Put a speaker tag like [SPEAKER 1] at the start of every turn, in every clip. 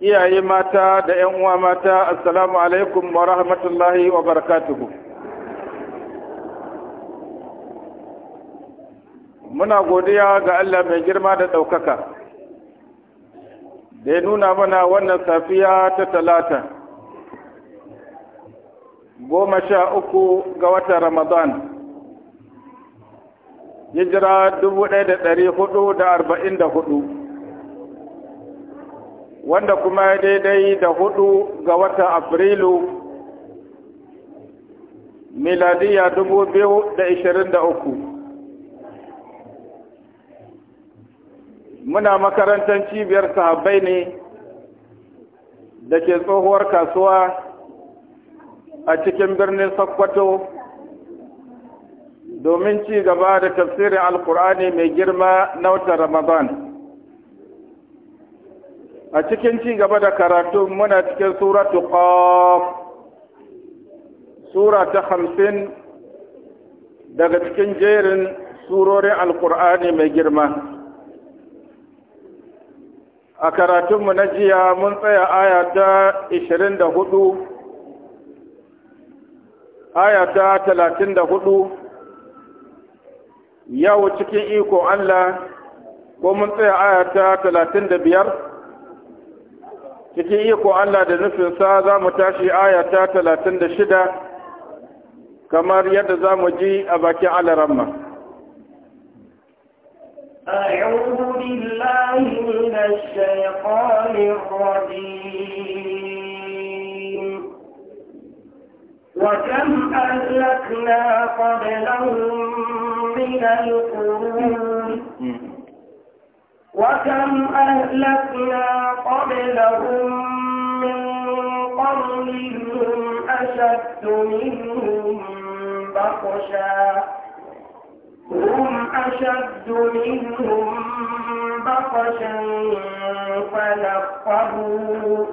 [SPEAKER 1] iyaye mata da 'yan uwa mata assalamu alaikum wa rahmatullahi wa barakatuhu muna godiya ga Allah mai girma da ɗaukaka da ya nuna mana wannan safiya ta talata goma sha uku ga watan ramadan hijira dubu ɗaya da ɗari hudu da arba'in da hudu wanda kuma ya daidai da hudu ga watan afrilu miladiya dubu biyu da ishirin da uku muna makarantar cibiyar sahabbai ne da ke tsohuwar kasuwa a cikin birnin sokoto domin ci gaba da tafsirin alkur'ani mai girma na wata ramadan a cikin ci gaba da karatu muna cikin suratu qaf sura ta hamsin daga cikin jerin surorin alkur'ani mai girma a karatunmu na jiya mun tsaya aya ta 24 aya ta 34 yawo cikin iko Allah ko mun tsaya aya ta 35 cikin iko Allah da nufinsa za mu tashi aya ta talatin da shida kamar yadda za mu ji a bakin alaramma.
[SPEAKER 2] أعوذ بالله من الشيطان الرجيم وكم أهلكنا قبلهم من القرون وكم أهلكنا قبلهم من هم أشد منهم بطشا هم أشد منهم بطشا فنقبوا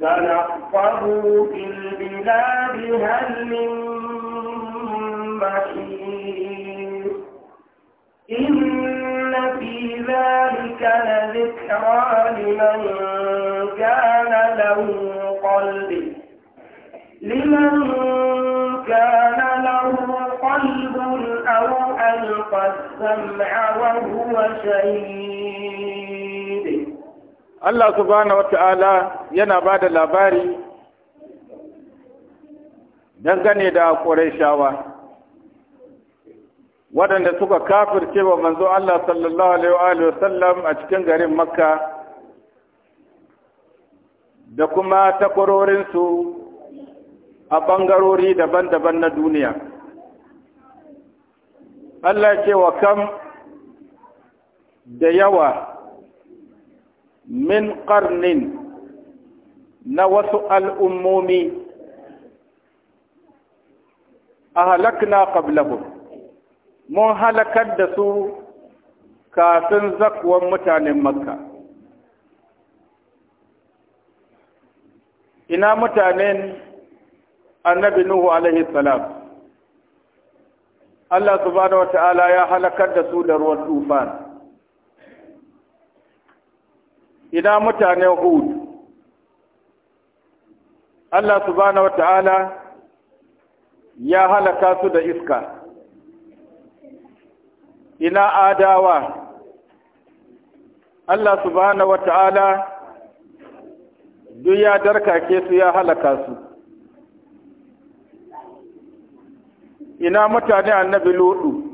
[SPEAKER 2] فنقبوا في البلاد هل من محيط إن في ذلك لذكرى لمن كان له قلب لمن كان له قلب أو ألقى السمع وهو شهيد
[SPEAKER 1] الله سبحانه وتعالى ينا بعد labari dangane da ƙorai shawa waɗanda suka kafirce wa manzo Allah sallallahu alaihi wa sallam a cikin garin Makka da kuma takwarorinsu a ɓangarori daban-daban na duniya. Allah ce wa kam da yawa min ƙarnin na wasu al'ummomi a halakna qablahum mun halakar da su kafin zakuwan mutanen makka ina mutanen annabi nuhu alaihi salam Allah subhanahu wata'ala ya halakar da su da ruwan tufan ina mutanen hud Allah subhanahu wata'ala ya halaka su da iska ina adawa Allah subhanahu wata'ala duk ya darkake su ya halaka su ina mutane annabi lodu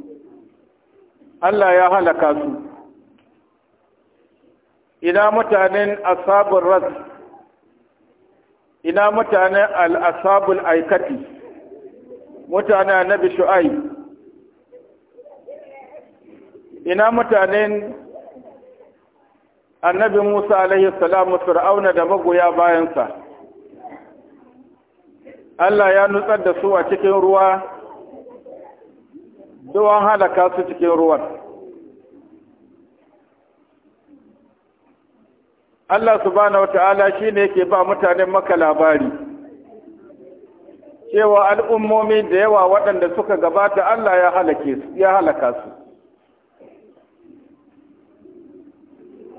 [SPEAKER 1] Allah ya halaka su ina mutanen asabun ras ina mutanen al-asabul aikati mutanen annabi Shu'aib? ina mutanen annabi Musa alaihi salamu fir'auna da magoya bayansa Allah ya nutsar da su a cikin ruwa duwan halaka su cikin ruwan Allah subhanahu wata'ala shine yake ba mutanen maka labari cewa al'ummomi da yawa waɗanda suka gabata Allah ya halaka su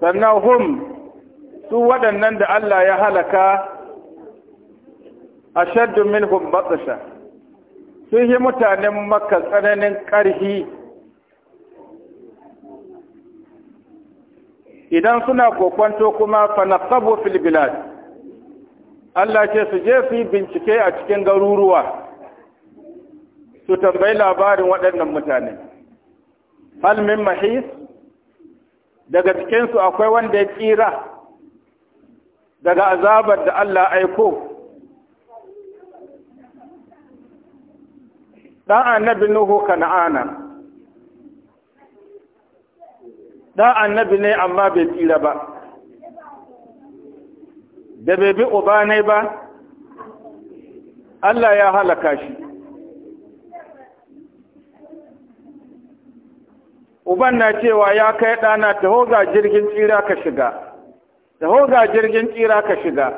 [SPEAKER 1] sannan hum su waɗannan da Allah ya halaka a shaddun minhum batsasha sun yi mutanen maka tsananin ƙarfi idan suna kokwanto kuma fanaqabu fil bilad Allah ce su je su yi bincike a cikin garuruwa su tambayi labarin waɗannan mutane hal min mahis daga cikinsu akwai wanda ya tsira daga azabar da Allah aiko ɗan annabi Nuhu kana'ana ɗan annabi ne amma bai tsira ba da bai bi ubanai ba Allah ya halaka shi uban na cewa ya kai ɗana taho ga jirgin tsira ka shiga taho ga jirgin tsira ka shiga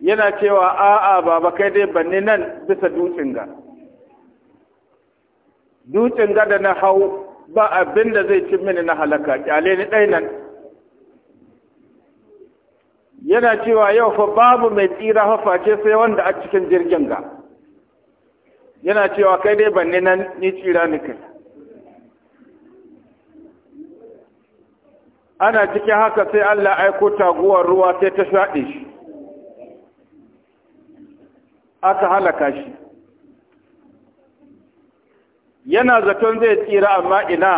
[SPEAKER 1] yana cewa a'a baba kai dai banni nan bisa dutsen ga dutsen ga da na hau ba abin da zai ci mini na halaka kyale ni ɗai nan yana cewa yau fa babu mai tsira haface sai wanda a cikin jirgin ga yana cewa kai dai banni nan ni tsira ni kai ana cikin haka sai Allah aiko taguwar ruwa sai ta shaɗe shi aka halaka shi yana zaton zai tsira amma ina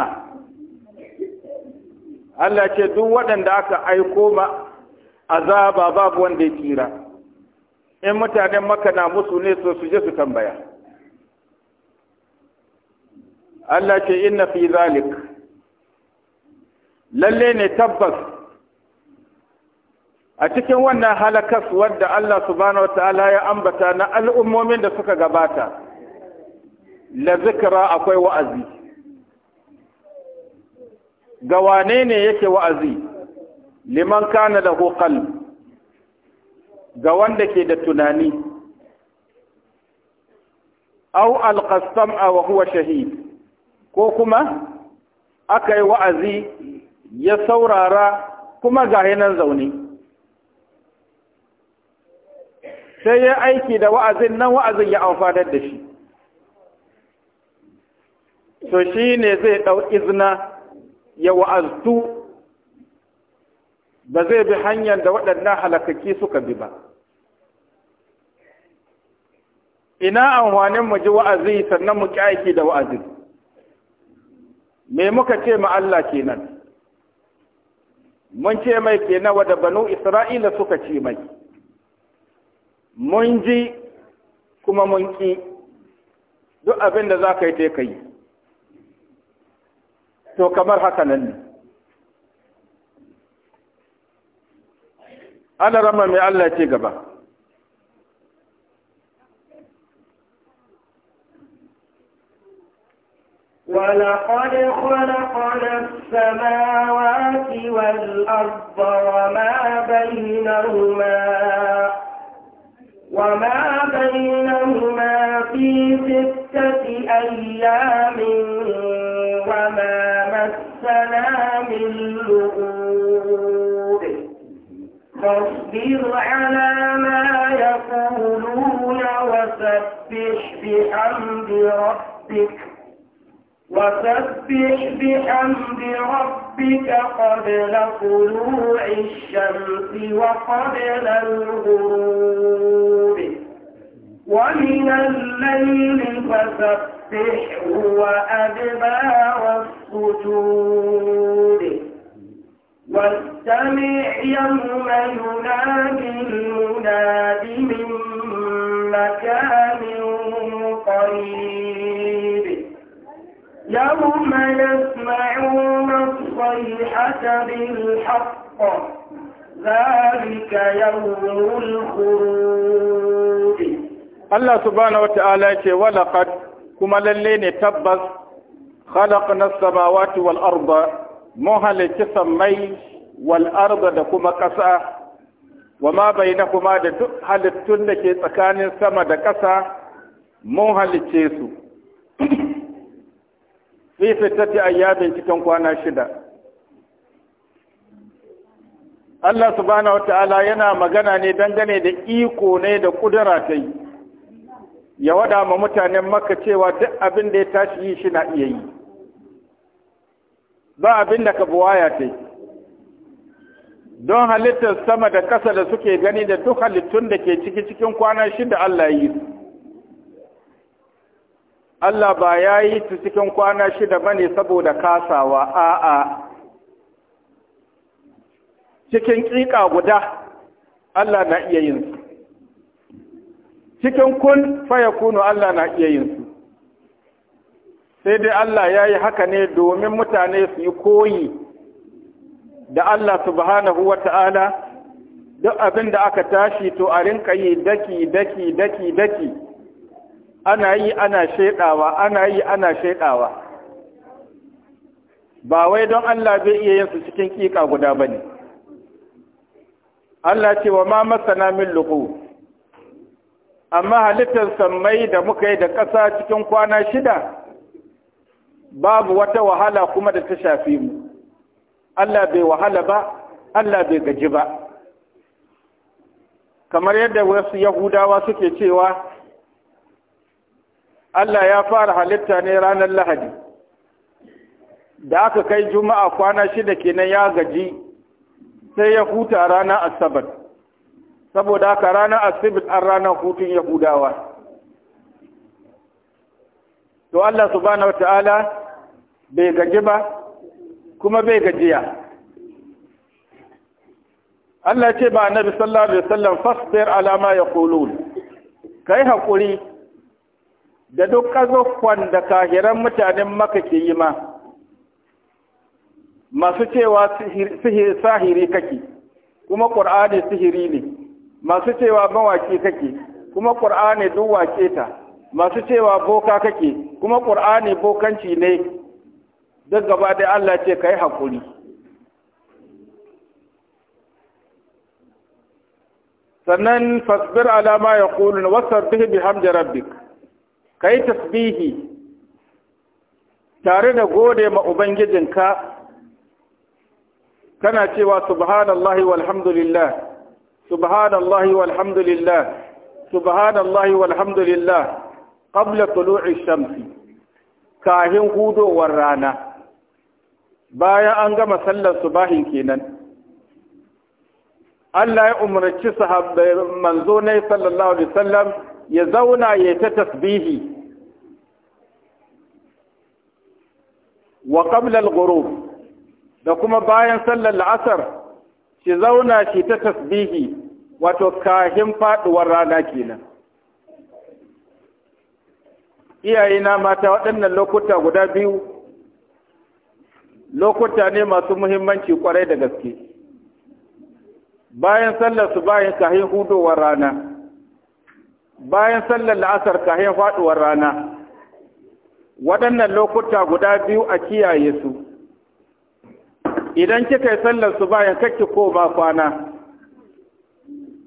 [SPEAKER 1] Allah ce duk waɗanda aka aiko ma azaba babu wanda ya tsira in mutanen maka na musu ne so su je su tambaya Allah ce inna fi zalik lalle ne tabbas a cikin wannan halakas wadda Allah subhanahu wata'ala ya ambata na al'ummomin da suka gabata la zikira akwai wa'azi ga wane ne yake wa'azi liman kana da hukal ga wanda ke da tunani au alƙasam a huwa shahid ko kuma aka yi wa'azi ya saurara kuma ga nan zaune sai ya aiki da wa'azin nan wa'azin ya amfadar da shi to shi ne zai ɗau izina ya wa'aztu ba zai bi hanyar da waɗannan halakaki suka bi ba ina amfanin mu ji wa'azi sannan mu ƙi aiki da wa'azin me muka ce ma Allah kenan mun ce mai ke nawa da banu isra'ila suka ci mai mun ji kuma mun ƙi duk abin da za ka yi ka to kamar haka nan ne rama mai allah ce gaba
[SPEAKER 2] ولقد خلقنا السماوات والأرض وما بينهما وما بينهما في ستة أيام وما مسنا من لغوب فاصبر على ما يقولون وسبح بحمد ربك وسبح بحمد ربك قبل طلوع الشمس وقبل الغروب ومن الليل فسبحه وأدبار السجود واستمع يوم ينادي المناد من مكان يوم يسمعون الصيحة بالحق ذلك يوم الخروج
[SPEAKER 1] الله سبحانه وتعالى ولقد كما للين تبس خلقنا السماوات والأرض مهل تسمي والأرض دكما كسا وما بينكما دكما هل تنك تكان السما دكسا مهل تسمي fi tati ayyamin cikin kwana shida Allah subhanahu wata'ala yana magana ne dangane da iko ne da kudura ta yi ya waɗa ma mutanen maka cewa duk abin da ya tashi yi shi na iya yi ba abin da ka buwaya ta yi don halittar sama da ƙasa da suke gani da duk halittun da ke ciki cikin kwana shida Allah yi su Allah ba ya yi ta cikin kwana shida ba ne saboda kasawa a'a cikin ƙiƙa guda Allah na iya yin su cikin kun faya kunu Allah na iya yin su sai dai Allah ya yi haka ne domin mutane su yi koyi da Allah subhanahu wa ta'ala duk abin da aka tashi to a rinka yi daki daki daki daki ana yi ana shaidawa ana yi ana shaidawa ba wai don Allah zai iya yin su cikin kika guda bane Allah ce wa ma masana min luqu amma halittar sammai da muka yi da ƙasa cikin kwana shida babu wata wahala kuma da ta shafi mu Allah bai wahala ba Allah bai gaji ba kamar yadda wasu yahudawa suke cewa Allah ya fara halitta ne ranar Lahadi da aka kai juma'a kwana shida kenan ya gaji sai ya huta ranar asabar saboda haka ranar Asibit an ranar hutun yahudawa to Allah subhanahu wata'ala bai gaji ba kuma bai gajiya Allah ce ba annabi sallallahu alaihi wasallam fasbir ala ma Ka kai haƙuri. da duk ƙazuffan da kahiran mutanen maka ke yi ma masu cewa sahiri kake kuma ƙur'ani sihiri ne masu cewa mawaƙi kake kuma ƙur'ani duk ta masu cewa boka kake kuma ƙur'ani bokanci ne duk gaba da Allah ce ka yi haƙuri sannan fasbir alama ya kulun wasu bihamdi rabbik ka yi tasbihi tare da gode ma Ubangijinka kana cewa subhanallahi walhamdulillah subhanallahi walhamdulillah subhanallahi walhamdulillah qabla tulu'i shamsi kahin hudowar rana bayan an gama sallar subahin kenan Allah ya umarci sahabbai manzo ne sallallahu alaihi wasallam ya zauna ya ta tasbihi wa qabla al-ghurub da kuma bayan sallar la'asar shi zauna shi ta tasbihi wato kahin faduwar rana kenan iyayena mata waɗannan lokuta guda biyu lokuta ne masu muhimmanci kwarai da gaske bayan sallar su bayan kahin hudowar rana bayan sallar la'asar kayan faɗuwar rana waɗannan lokuta guda biyu a kiyaye su idan kika yi sallar su bayan kake ko ba kwana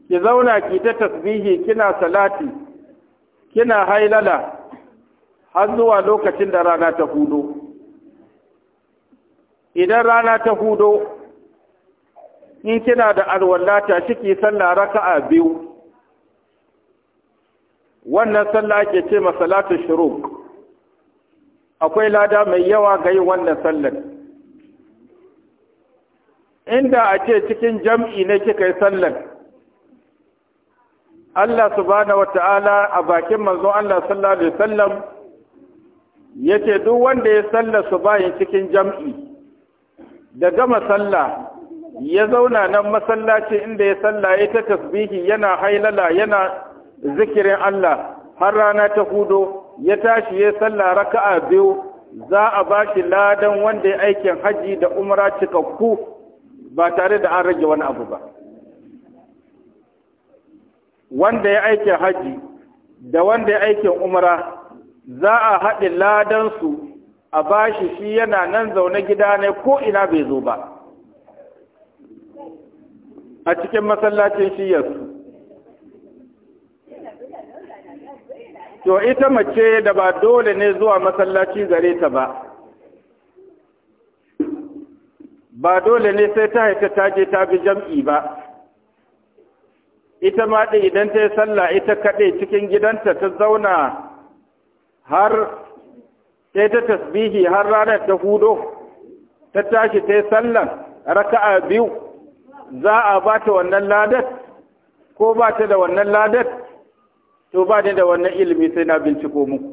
[SPEAKER 1] ki zauna ki ta tasbihi kina salati kina hailala har zuwa lokacin da rana ta hudo idan rana ta hudo in kina da alwallata shi ki sallar raka'a biyu wannan sallah ake ce ma salatu shuruq akwai lada mai yawa ga yin wannan sallar inda a ce cikin jam'i ne kika yi sallar Allah subhanahu wata'ala a bakin manzon Allah sallallahu alaihi wasallam yace duk wanda ya sallar su bayin cikin jam'i da gama sallah ya zauna nan masallaci inda ya salla ya ta tasbihi yana hailala yana zikirin Allah har rana ta hudu, ya tashi ya sallah raka'a biyu za a ba shi ladan wanda ya aikin haji da umra cikakku ba tare da an rage wani abu ba wanda ya aikin haji da wanda ya aikin umra za a haɗe ladansu a ba shi shi yana nan zaune gida ne ko ina bai zo ba a cikin masallacin shiyarsu to ita mace da ba dole ne zuwa masallaci gare ta ba ba dole ne sai ta haita ta je ta bi jam'i ba ita ma ɗin idan ta yi sallah ita kaɗai cikin gidanta ta zauna har sai ta tasbihi har ranar ta hudo ta tashi ta yi sallan raka'a biyu za a ba ta wannan ladar ko ba ta da wannan ladar to ba ni da wannan ilimi sai na binciko muku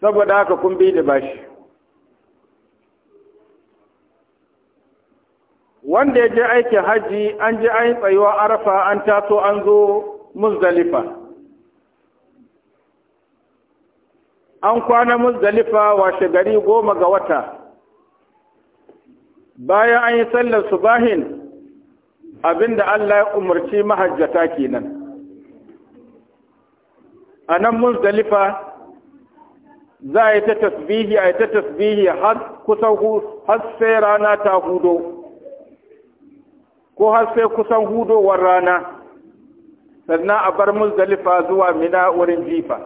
[SPEAKER 1] saboda haka kun bi da bashi wanda ya je aikin hajji an je an tsayuwa arafa an taso an zo muzdalifa an kwana muzdalifa washe gari goma ga wata bayan an yi sallar subahin abinda Allah ya umarci mahajjata kenan a nan muzdalifa za a yi ta tasbihi a yi ta tasbihi har kusan har sai rana ta hudo ko har sai kusan hudowar rana sannan a bar muzdalifa zuwa mina wurin jifa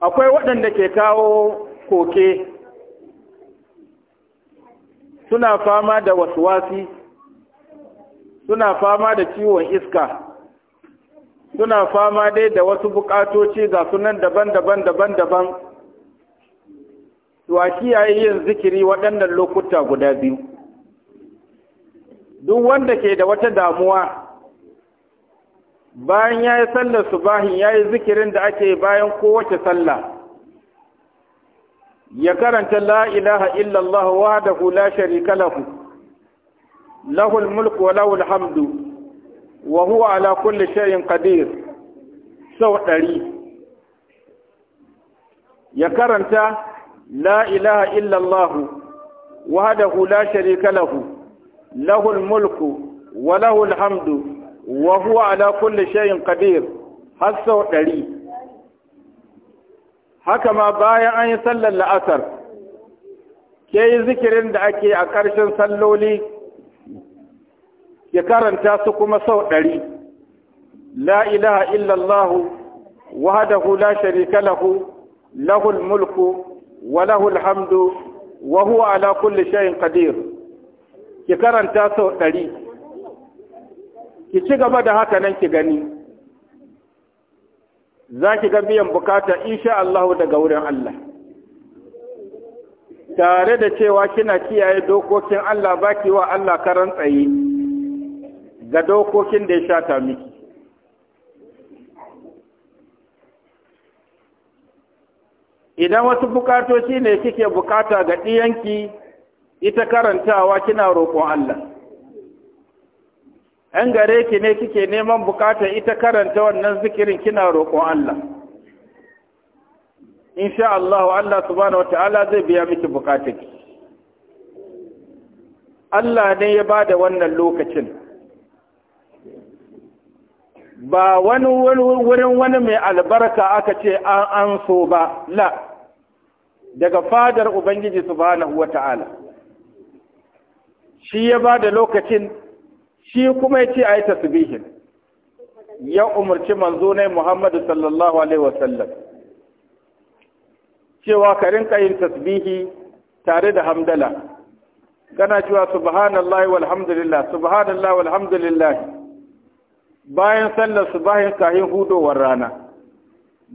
[SPEAKER 1] akwai waɗanda ke kawo koke suna fama da wasuwasi suna fama da ciwon iska suna fama dai da wasu buƙatoci ga sunan daban-daban daban-daban wa kiyaye yin zikiri waɗannan lokuta guda biyu duk wanda ke da wata damuwa bayan ya yi sallar subahin ya yi zikirin da ake bayan kowace sallah ya karanta la ilaha illallah da hula sharika lahu lahul mulku wa lahul hamdu wa huwa ala kulli shay'in qadir sau ɗari ya karanta la ilaha illallah wahdahu la sharika lahu lahul mulku wa lahul hamdu wa huwa ala kulli shay'in qadir har sau ɗari haka ma bayan an yi sallar la'asar ke yi zikirin da ake a ƙarshen salloli ya karanta su kuma sau ɗari la ilaha Illallahu wahdahu la sharika lahu lahul mulku wa lahul hamdu wa huwa ala kulli shay'in qadir ki karanta sau ɗari ki ci gaba da haka nan ki gani za ki ga biyan bukata insha Allah daga wurin Allah tare da cewa kina kiyaye dokokin Allah baki wa Allah karan tsaye ga dokokin da ya shata miki idan wasu bukatoci ne kike bukata ga ɗiyanki ita karantawa kina roƙon Allah ‘yan gare ki ne kike neman bukata ita karanta wannan zikirin kina roƙon Allah insha Allah Allah subhanahu wata'ala zai biya miki bukatarki Allah ne ya bada wannan lokacin ba wani wurin wani mai albarka aka ce an an so ba la daga fadar ubangiji subhanahu wata'ala shi ya ba da lokacin shi kuma ya ce a yi tasbihin ya umarci manzo ne muhammadu sallallahu alaihi wasallam cewa ka rinka yin tasbihi tare da hamdala kana cewa subhanallahi walhamdulillah subhanallahi walhamdulillah bayan sallar subahin kahin hudowar rana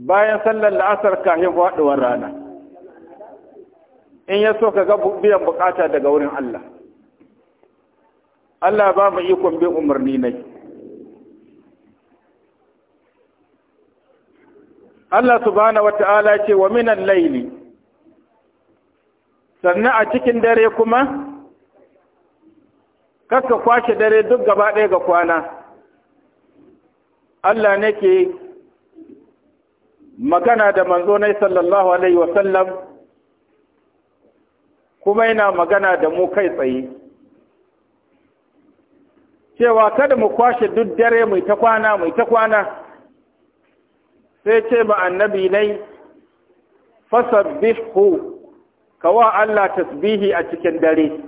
[SPEAKER 1] bayan sallar la'asar kahin faduwar rana in ya so ka ga biyan bukata daga wurin Allah Allah ba mu ikon bin umarni nai Allah subhanahu wata'ala ce wa minan laili sannan a cikin dare kuma kaka kwashe dare duk gaba ɗaya ga kwana Allah nake magana da manzo na sallallahu alaihi wasallam kuma yana magana da mu kai tsaye cewa kada mu kwashe duk dare mai ta kwana mai ta kwana sai ce ba annabi nai fasabbihu kawa Allah tasbihi a cikin dare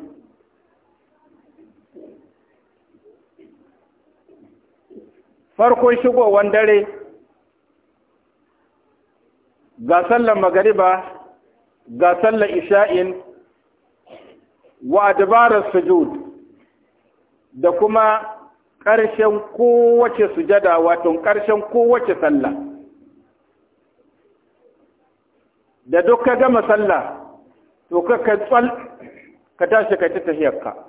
[SPEAKER 1] farkon shigowar dare ga sallar magariba ga sallar isha'in wa dabarar sujud da kuma ƙarshen kowace sujada wato ƙarshen kowace sallah da duk ka gama sallah to ka ka tsal ka tashi ka ta tahiyarka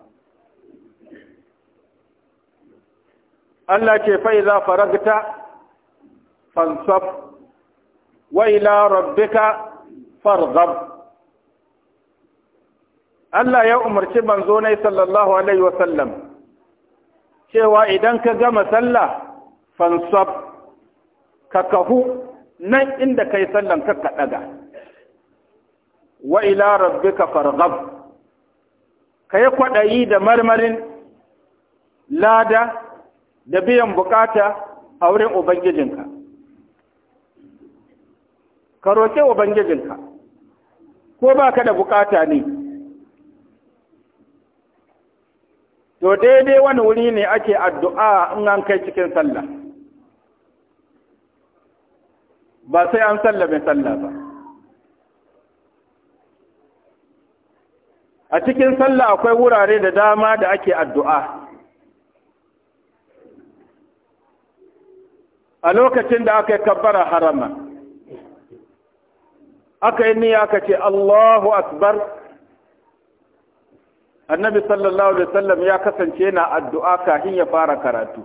[SPEAKER 1] Allah ce fai za faragta fansaf wa ila rabbika farghab Allah ya umarci manzo nai sallallahu alaihi wa sallam cewa idan ka gama sallah fansaf ka kahu nan inda kai sallan ka ka daga wa ila rabbika farghab kai kwaɗayi da marmarin lada da biyan bukata a wurin ubangijinka ka roƙe ubangijinka ko ba ka da bukata ne to daidai wani wuri ne ake addu'a in an kai cikin sallah ba sai an sallame sallah ba a cikin sallah akwai wurare da dama da ake addu'a a lokacin da aka yi kabbara harama aka yi niyya aka ce Allahu akbar annabi sallallahu alaihi wasallam ya kasance na addu'a kafin ya fara karatu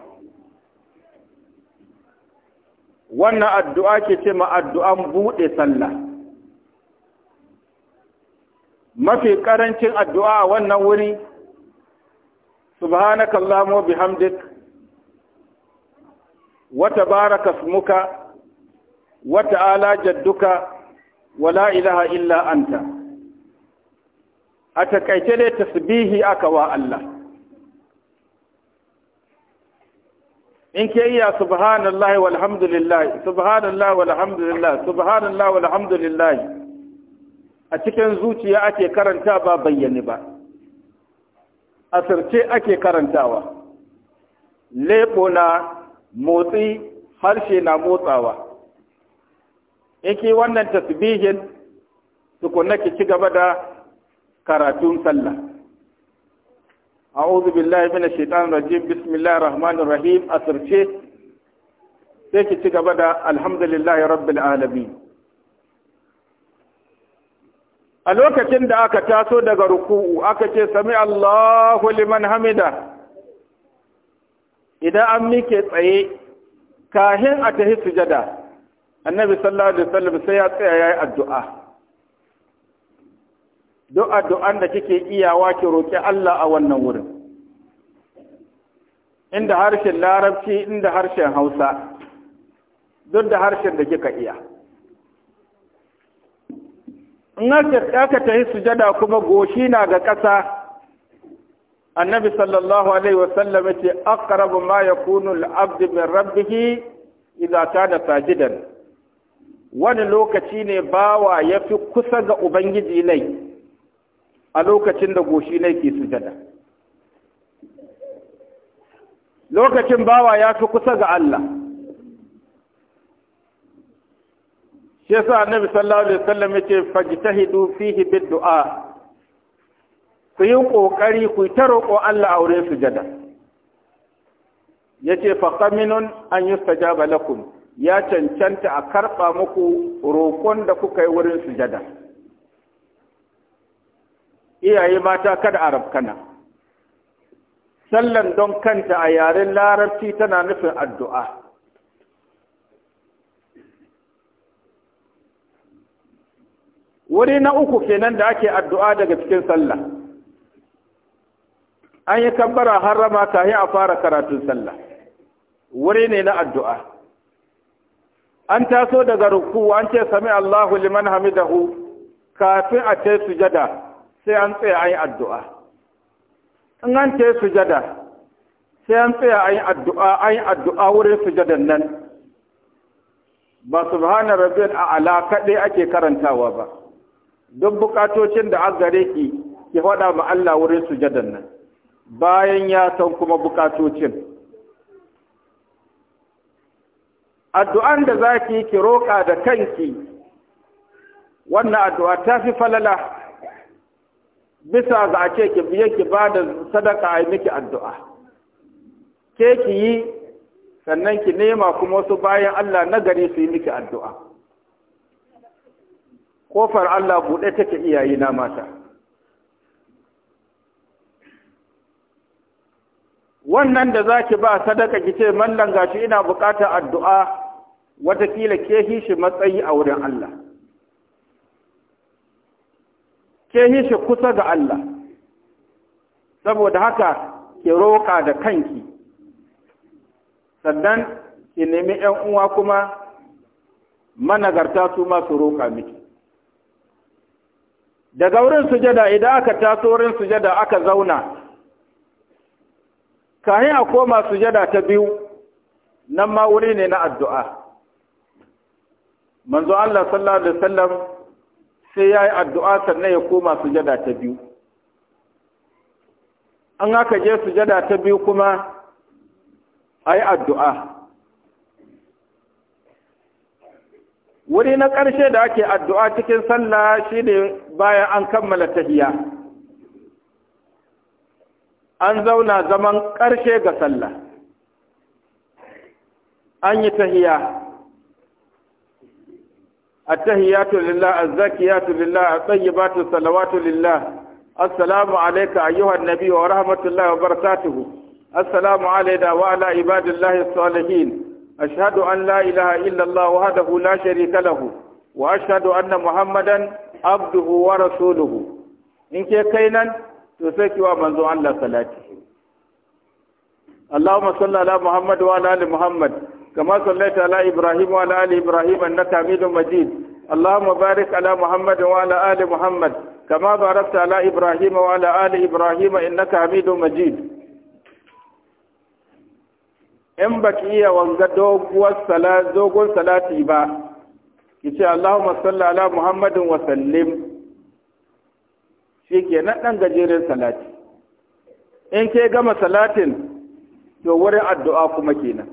[SPEAKER 1] wannan addu'a ke ce ma addu'an buɗe sallah mafi ƙarancin addu'a wannan wuri subhanakallahumma bihamdika wata baraka smuka wata ala jadduka wala ilaha illa anta a takaice dai tasbihi aka wa Allah in ke iya subhanallahi walhamdulillah subhanallahi walhamdulillah subhanallahi walhamdulillah a cikin zuciya ake karanta ba bayyane ba asirce ake karantawa lebo na motsi harshe na motsawa yake wannan tasbihin tukunna ki ci gaba da karatun sallah a'udhu billahi minash shaitanir rajim bismillahir rahmanir rahim asirce sai ki ci gaba da alhamdulillahi rabbil alamin a lokacin da aka taso daga ruku'u aka ce sami Allahu liman hamida idan an mike tsaye kahin a tahi sujada annabi sallallahu alaihi wasallam sai ya tsaya yayi addu'a duk addu'an da kike iyawa ki roki Allah a wannan wurin inda harshen larabci inda harshen Hausa duk da harshen da kika iya in aka tahi sujada kuma goshi na ga ƙasa annabi sallallahu alaihi wasallam ce aqrabu ma yakunu al-abd min rabbih idza kana sajidan wani lokaci ne bawa ya fi kusa ga ubangiji nai a lokacin da goshi nai ke sujada lokacin bawa ya fi kusa ga Allah shi yasa annabi sallallahu alaihi wasallam yace fajtahidu fihi bid du'a ku yi ƙoƙari ku ta roƙo Allah a wurin sujada yace fa qaminun an yi yustajaba lakum ya cancanta a karɓa muku roƙon da kuka yi wurin su jada. iyaye mata kada a rafkana sallan don kanta a yaren larabci tana nufin addu'a wuri na uku kenan da ake addu'a daga cikin sallah an yi kabbara harrama kahin a fara karatun sallah wuri ne na addu'a an taso daga ruku an ce sami Allahu liman hamidahu kafin a ce sujada sai an tsaya an yi addu'a in an ce sujada sai an tsaya an yi addu'a an yi addu'a wurin sujadan nan ba subhana a a'la kaɗai ake karantawa ba duk bukatocin da an gare ki ki faɗa ma Allah wurin sujadan nan bayan ya san kuma bukatocin addu'an da za ki ki roƙa da kanki wannan addu'a ta fi falala bisa ga a ce ki biye ki ba da sadaka a yi miki addu'a ke ki yi sannan ki nema kuma wasu bayan Allah na gari su yi miki addu'a ƙofar Allah buɗe take iyayi na mata wannan da za ki ba sadaka ki ce mallan gashi ina buƙatar addu'a watakila ke shi matsayi a wurin Allah ke hishi kusa ga Allah saboda haka ki roƙa da kanki sannan ki nemi ‘yan uwa kuma managarta su masu roƙa miki daga wurin sujada idan aka taso wurin sujada aka zauna kahin a koma sujada ta biyu nan ma wuri ne na addu'a manzo Allah sallallahu alaihi wasallam sai yayi addu'a sannan ya koma sujada ta biyu an aka je sujada ta biyu kuma ayi addu'a wuri na ƙarshe da ake addu'a cikin sallah shine bayan an kammala tahiyya an zauna zaman ƙarshe ga sallah an yi tahiya A tahiyatu lillah azzakiyatu lillah at salawa salawatu lillah assalamu alaika ayyuhan nabiy wa rahmatullahi wa barakatuh assalamu alaida wa ala ibadillahi as-salihin ashhadu an la ilaha wa allah wahdahu la sharika lahu wa ashhadu anna muhammadan abduhu wa rasuluhu in ke kai nan to sai kiwa manzo Allah salati Allahumma salli ala Muhammad wa ala ali Muhammad kama sallaita ala Ibrahim wa ala ali Ibrahim innaka Hamidum Majid Allahumma barik ala Muhammad wa ala ali Muhammad kama barakta ala Ibrahim wa ala ali Ibrahim innaka Hamidum Majid in baki iya wanga doguwar dogon salati ba ki ce Allahumma salli ala Muhammadin wa sallim shi ke nan ɗan gajeren salati in ke gama salatin to wurin addu’a kuma kenan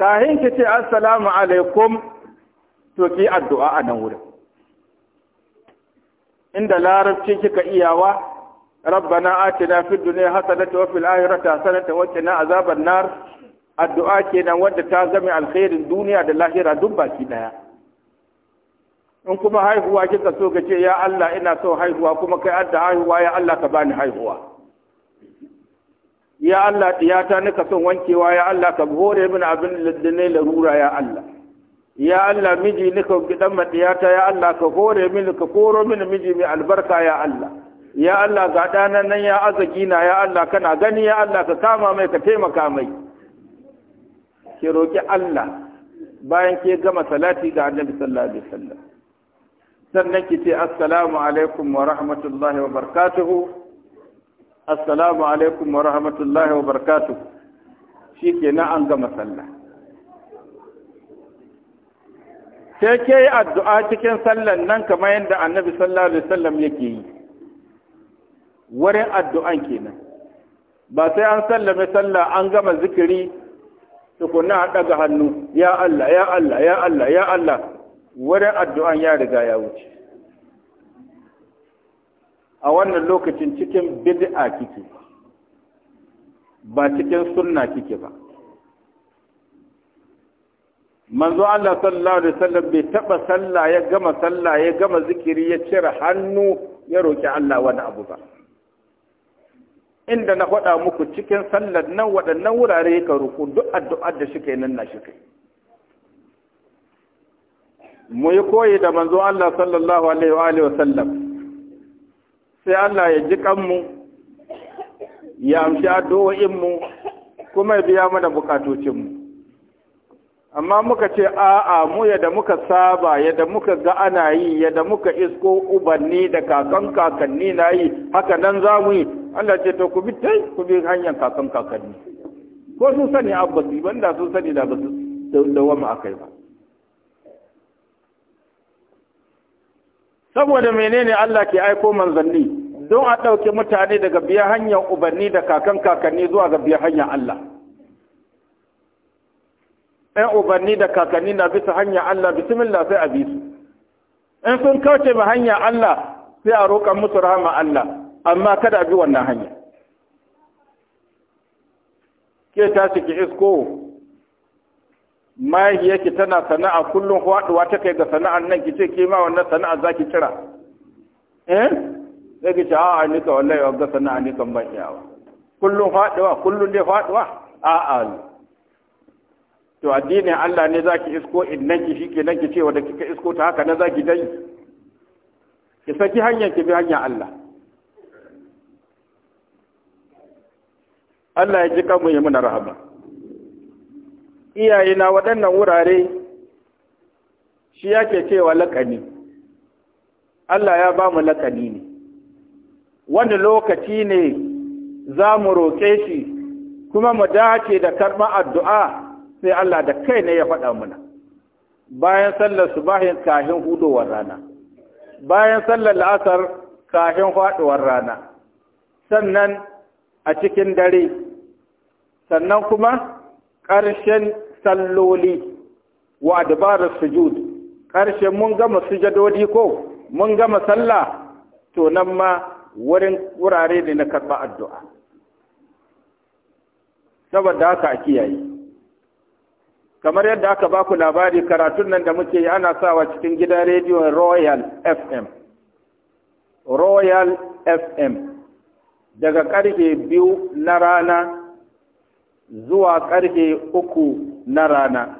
[SPEAKER 1] kahin ki ce assalamu alaikum to ki addu’a a nan wurin inda larabci kika iyawa rabbana atina fi duniya hasanata wa fil akhirati hasanata wa qina azaban nar addu'a kenan wanda ta zame alkhairin duniya da lahira duk baki ɗaya. in kuma haihuwa kika so ka ce ya Allah ina so haihuwa kuma kai adda haihuwa ya Allah ka bani haihuwa ya Allah diyata nika son wankewa ya Allah ka hore mini abin da ne larura ya Allah ya Allah miji nika gidan madiyata ya Allah ka hore mini ka koro mini miji mai albarka ya Allah ya Allah ga ɗanan nan ya azaki na ya Allah kana gani ya Allah ka kama mai ka taimaka mai ki roki Allah bayan ke gama salati ga Annabi sallallahu alaihi wasallam sannan ki ce assalamu alaikum wa rahmatullahi wa barakatuhu assalamu alaikum wa rahmatullahi wa barakatuhu shi ke na an gama sallah sai ke yi addu'a cikin sallan nan kamar yadda annabi sallallahu alaihi wasallam yake yi wurin addu'an kenan ba sai an sallame sallah an gama zikiri tukuna a ɗaga hannu ya Allah ya Allah ya Allah ya Allah wurin addu'an ya riga ya wuce a wannan lokacin cikin bid'a kike ba cikin sunna kike ba manzo Allah sallallahu alaihi wasallam bai taba sallah ya gama sallah ya gama zikiri ya cire hannu ya roki Allah wani abu ba inda na faɗa muku cikin sallar nan waɗannan wurare ka ruku duk addu'ar da shi nan na shi kai mu yi koyi da manzo Allah sallallahu alaihi wa alihi wasallam sai Allah ya ji kanmu ya amshi addu'o'in kuma ya biya mana bukatocin mu amma muka ce a'a mu yadda muka saba yadda muka ga ana yi yadda muka isko ubanni da kakan kakanni na yi haka nan za mu yi Allah ce to ku bi tai ku bi hanyar kakan kakanni ko sun sani abbasi, banda sun sani da ba su dawama kai ba saboda menene Allah ke aiko manzanni don a ɗauke mutane daga biya hanyar ubanni da kakan kakanni zuwa ga biya hanyar Allah ɗan ubanni da kakanni na bisa hanyar Allah bismillah sai a bi su in sun kauce ma hanyar Allah sai a roƙa musu rahama Allah amma kada a bi wannan hanya ke tashi ki isko yake tana sana'a kullum faɗuwa ta kai ga sana'ar nan ki ce ke ma wannan sana'a za ki kira eh sai ki ce a'a ni ka wallahi ga sana'a ni kan ban iyawa kullum faɗuwa kullum dai faɗuwa a'a to addinin Allah ne zaki isko nan ki nan ki ce wanda kika isko ta haka na zaki dai ki saki hanyar ki bi hanyar Allah Allah ya ji kamun ya muna rahama iyaye na waɗannan wurare shi yake cewa lakani, Allah ya ba mu lakani ne wani lokaci ne za mu roƙe shi kuma mu dace da karɓar addu'a sai Allah da kai ne ya faɗa muna bayan sallar subahin kahin hudowar rana bayan sallar la'asar kahin faɗuwar rana sannan a cikin dare sannan kuma ƙarshen salloli wa adbarar sujud ƙarshe mun gama sujadodi ko mun gama sallah to nan ma wurin wurare ne na karɓa addu'a saboda haka a kiyaye kamar yadda aka ba ku labari karatun nan da muke yi ana sawa cikin gidan rediyon royal fm royal fm daga ƙarfe biyu na rana zuwa ƙarfe uku na rana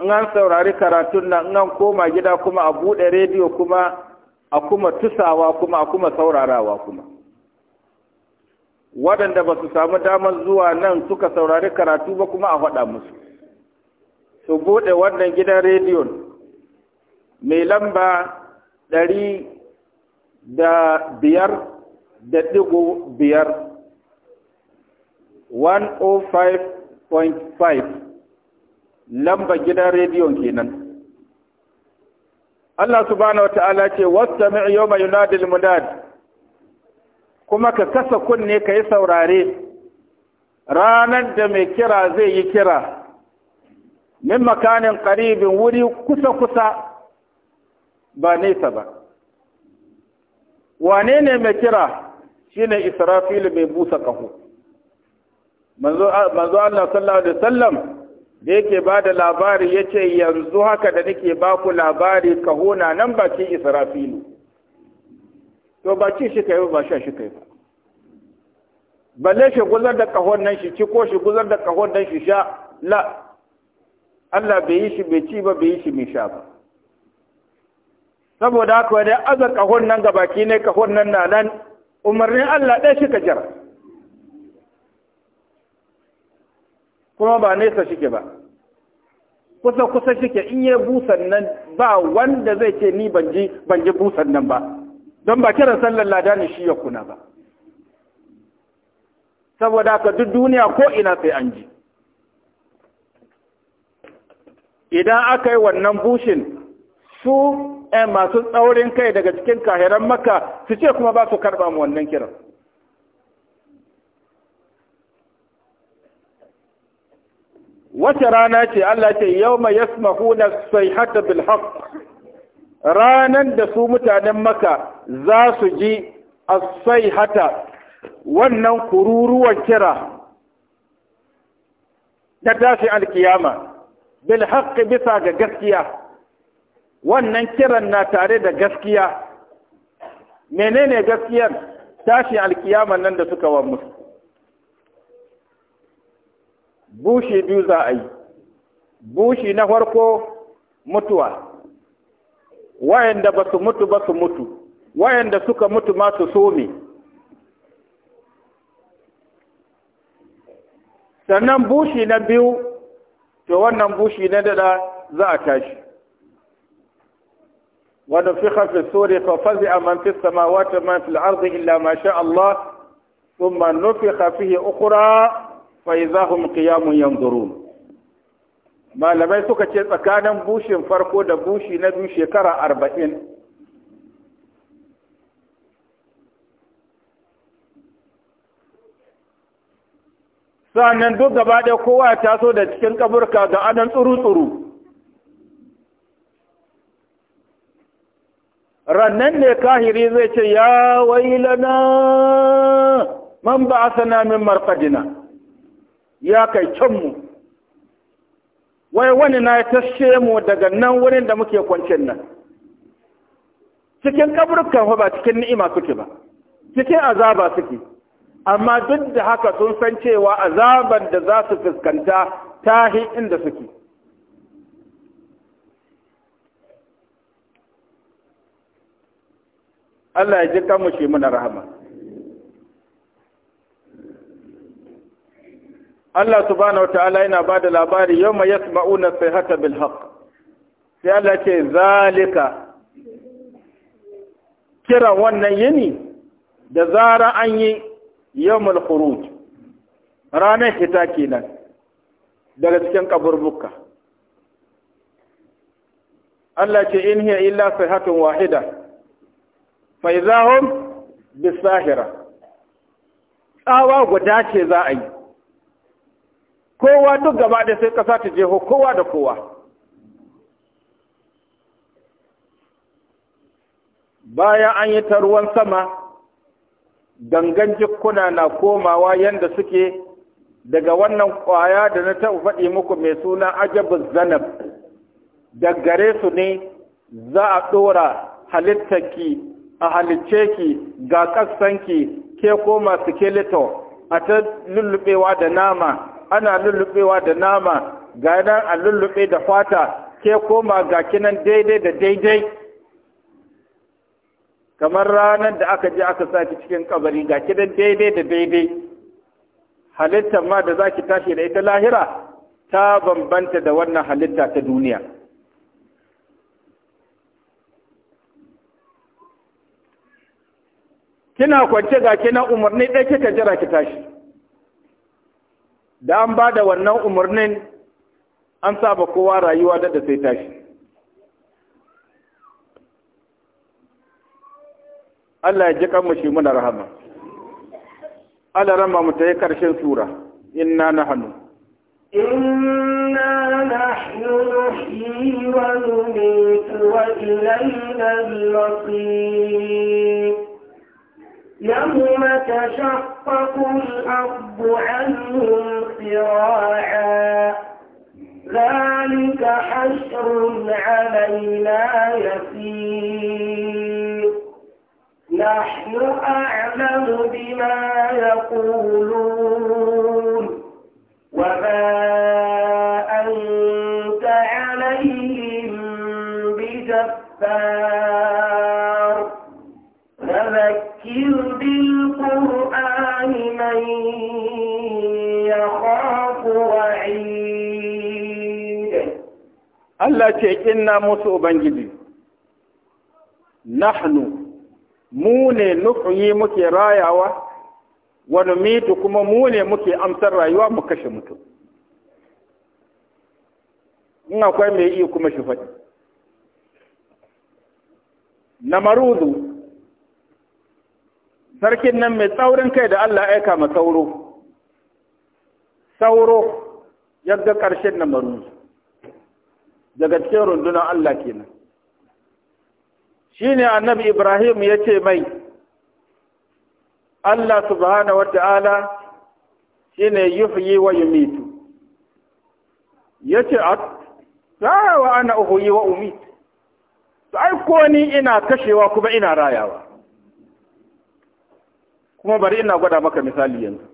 [SPEAKER 1] in an saurari karatun nan in an koma gida kuma a buɗe rediyo kuma a kuma tusawa kuma a kuma saurarawa kuma waɗanda ba su samu damar zuwa nan suka saurari karatu ba kuma a faɗa musu su buɗe wannan gidan rediyon mai lamba ɗari da biyar da ɗigo biyar 105.5 lamba gidan rediyon kenan Allah subhanahu wata'ala ce wastami' mai yunadil mudad, kuma ka kasa kunne ka yi saurare ranar da mai kira zai yi kira min makanin ƙaribin wuri kusa-kusa ba nesa ba wane ne mai kira shine israfil mai busa kahu manzo Allah sallallahu alaihi wasallam da yake ba da labari yace yanzu haka da nake ba ku labari kahu na nan bakin israfilu to ba ci shi kai ba sha shi kai ba balle shi guzar da kahon nan shi ci ko shi guzar da kahon nan shi sha la Allah bai yi shi bai ci ba bai yi shi mai sha ba saboda haka wani aza kahon nan gabaki ne kahon nan na nan umarnin Allah ɗaya shi ka kuma ba nesa shike ba kusa kusa shike in yi busan nan ba wanda zai ce ni banji ji busan nan ba don ba kiran sallar lada ne shi ya kuna ba saboda ka duk duniya ko ina sai an ji idan aka yi wannan bushin su eh, masu tsaurin kai daga cikin kahiran maka su ce kuma ba su karɓa mu wannan kiran wace rana ce Allah ce yau mai na sai hata bilhaf ranan da su mutanen maka za su ji sai hata wannan kururuwan kira na tashi alkiyama bilhaf bisa ga gaskiya wannan kiran na tare da gaskiya menene gaskiyar tashi alkiyaman nan da suka musu? bushi biyu za a yi bushi na farko mutuwa wayanda ba su mutu ba su mutu wayanda suka mutu ma su some sannan bushi na biyu to wannan bushi na dada za a tashi ونفخ في السور ففزع من في السماوات ومن في الأرض إلا ما شاء الله ثم نفخ فيه أخرى فإذا هم قيام ينظرون ما لم يسوك كان بوش فرقو دبوش ندوش يكرا أربعين sa'annan duk gaba da kowa ta so da cikin kaburka rannan ne kahiri zai ce ya wailana man ba a sana min marfadina ya kai canmu wai wani na ya tashe mu daga nan wurin da muke kwancin nan cikin kaburkan ba cikin ni'ima suke ba cikin azaba suke amma duk da haka sun san cewa azaban da za su fuskanta ta inda suke Allah ya ji kanmu shi muna rahama Allah subhanahu ala, yana ba da labari yau mai ma'una, sai hata bil haq sai Allah ce zalika kiran wannan yini da zara an yi yawmul khuruj ranar fita kenan daga cikin kaburbuka Allah ce in hiya illa sayhatun wahida faizahun bisahira tsawa guda ce za a yi kowa duk gaba da sai ƙasa ta jeho kowa da kowa bayan an yi ta ruwan sama gangan jikuna na komawa yadda suke daga wannan ƙwaya da na taɓa faɗi muku mai suna ajabu zanab da gare su ne za a ɗora halittarki a halicce ki ga ki ke koma skeleto a ta lullubewa da nama ana lullubewa da nama ga nan a lullube da fata ke koma ga kinan daidai da daidai kamar ranar da aka je aka saki cikin kabari ga kinan daidai da daidai halittar ma da za ki tashi da ita lahira ta bambanta da wannan halitta ta duniya kina kwance ga kina umarni ɗaya kika jira ki tashi da an ba da wannan umarnin an saba kowa rayuwa da sai tashi Allah ya ji kan shi muna rahama Allah rama mu ta yi karshen sura inna nahnu
[SPEAKER 2] inna nahnu nuhyi wa numitu wa ilayna يوم تشقق الأرض عنهم صراعا ذلك حشر علينا يسير نحن أعلم بما يقولون وما
[SPEAKER 1] Allah ce inna musu Ubangiji, nahnu mu ne nufi muke rayawa, wani mitu kuma mu ne muke amsar rayuwa mu kashe mutum. In akwai mai iya kuma shi faɗi. Namarudu, sarkin nan mai tsaurin kai da Allah aika ma sauro, sauro yadda ƙarshen namaruzu daga cikin rundunar Allah kenan shine annabi Ibrahim ya ce mai Allah subhanahu wata'ala shine yuhyi wa yumitu yace at ah, wa ana uhyi wa umi. to ai ko ni ina kashewa kuma ina rayawa kuma bari ina gwada maka misali yanzu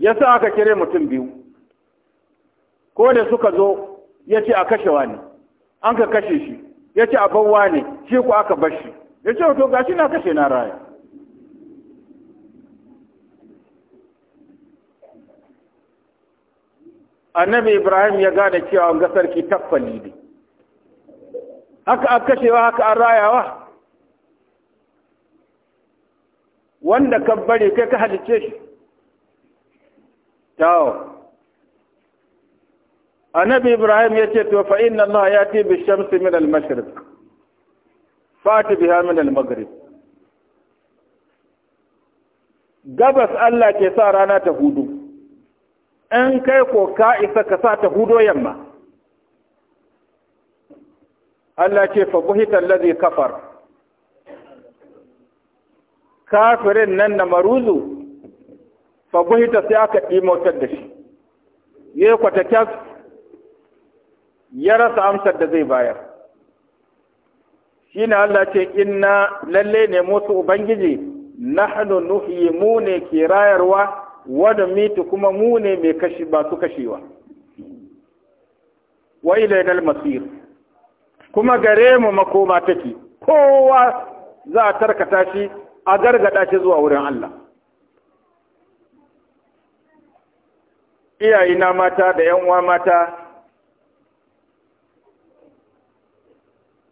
[SPEAKER 1] yasa aka kire mutum biyu ko da suka zo ya ce a kashewa ne an ka kashe shi ya ce a bauwa ne shi ku aka bar shi ya ce to gashi na kashe na raya annabi ibrahim ya gane cewa ga sarki taffali ne haka an kashewa haka an rayawa wanda ka bari kai ka halice shi tawo annabi ibrahim ya ce to fa inna allah ya ti bi shamsi min al mashriq fati biha min al maghrib gabas allah ke sa rana ta hudu in kai ko ka isa ka sa ta hudo yamma allah ce fa buhita allazi kafar kafirin nan na maruzu fa buhita sai aka ɗimautar da shi ya kwata kyas ya rasa amsar da zai bayar Shi shine Allah ce inna lalle ne mutu ubangiji nahnu nuhyi mu ne ke rayarwa wani mitu kuma mu ne mai kashi ba su kashewa wa ilaynal masir kuma gare mu makoma take kowa za a tarkata shi a gargada shi zuwa wurin Allah iyayena mata da 'yan uwa mata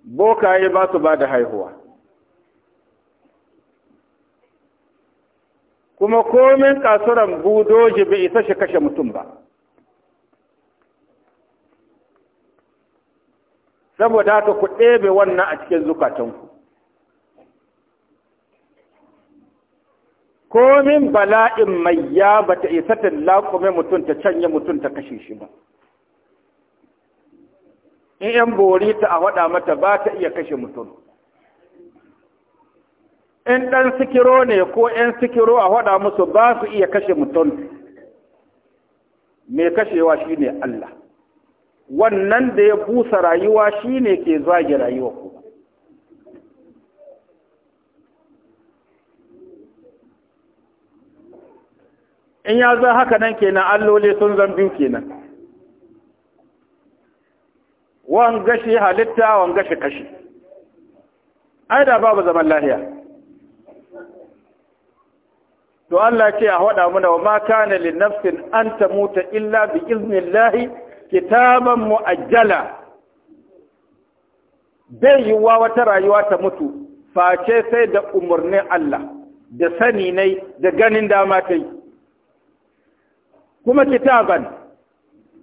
[SPEAKER 1] bokaye ba su ba da haihuwa kuma komin kasuran budoji bai isa shi kashe mutum ba saboda haka ku ɗebe wannan a cikin zukatanku komin bala'in mai ya bata isa ta laƙume mutum ta canye mutum ta kashe shi ba in yan bori ta a waɗa mata ba ta iya kashe mutum in ɗan sikiro ne ko ‘yan sikiro a waɗa musu ba su iya kashe mutum mai kashewa shi Allah wannan da ya busa rayuwa shine ke zage rayuwa kuma in ya za haka nan kenan alloli sun zan kenan wan gashi halitta wan gashi kashi ai da babu zaman lahiya to Allah ce a hada muna wa ma kana lin nafsin an tamuta illa bi iznillahi kitaban muajjala bai yiwuwa wata rayuwa ta mutu face sai da umarnin Allah da sani ne da ganin dama ta kuma kitaban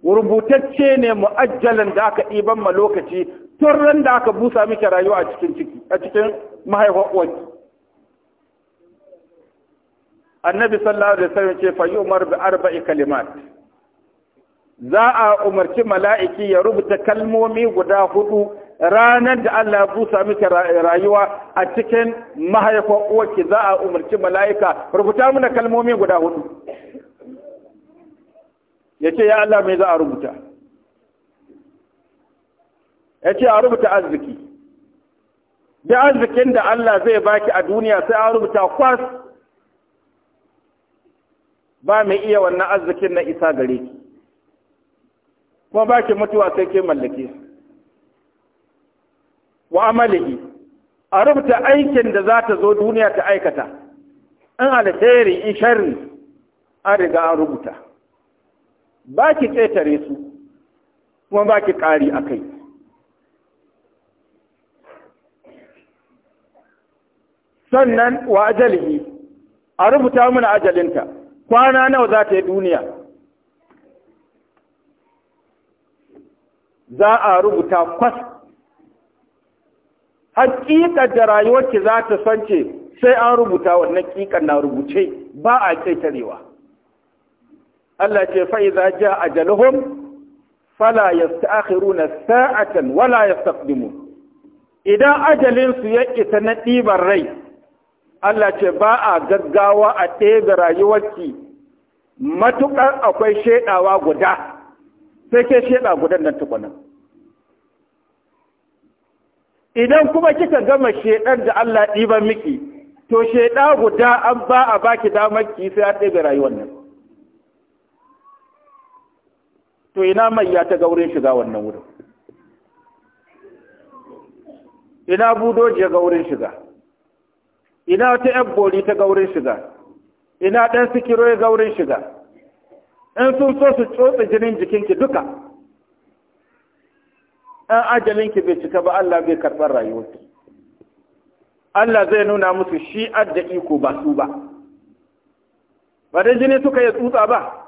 [SPEAKER 1] rubutacce ne mu'ajjalan da aka ɗiban ma lokaci tun ran da aka busa miki rayuwa a cikin ciki a cikin mahaifar uwanki annabi sallallahu alaihi wasallam ce fa yu'mar bi arba'i kalimat za a umarci mala'iki ya rubuta kalmomi guda hudu ranar da Allah ya busa miki rayuwa a cikin mahaifar uwarki za a umarci mala'ika rubuta mana kalmomi guda hudu ya ce ya Allah mai za a rubuta ya ce a rubuta arziki da arzikin da Allah zai baki a duniya sai a rubuta kwas ba mai iya wannan arzikin na isa gare ki kuma ba baki mutuwa sai ke mallake su wa amalihi a rubuta aikin da za ta zo duniya ta aikata in alheri in sharri an riga an rubuta ba ki ƙetare su kuma ba ki ƙari a kai sannan wa ajalihi a rubuta mana ajalinta kwana nawa za ta yi duniya za a rubuta kwas hakikar da rayuwarki za ta sance sai an rubuta wannan kikan na rubuce ba a ƙetarewa Allah ce fa idza jaa ajaluhum fala yasta'khiruna sa'atan wala yastaqdimu idan ajalin su ya isa na ɗiban rai Allah ce ba a gaggawa a ɗebe rayuwarki matuƙar akwai shaidawa guda sai ke shaida gudan nan tukuna. idan kuma kika gama shaidan da Allah ɗiban miki to shaida guda an ba a baki damar ki sai a ɗebe rayuwar nan to ina mai ya ta gaure shiga wannan wurin ina budoji ya gaurin shiga ina ta yan boli ta gaurin shiga ina ɗan sikiro ya gaurin shiga in sun so su tsotsa jinin jikinki duka ɗan ajalinki bai cika ba Allah bai karɓar rayuwarki Allah zai nuna musu shi adda iko ba su ba ba dan jini suka yi tsutsa ba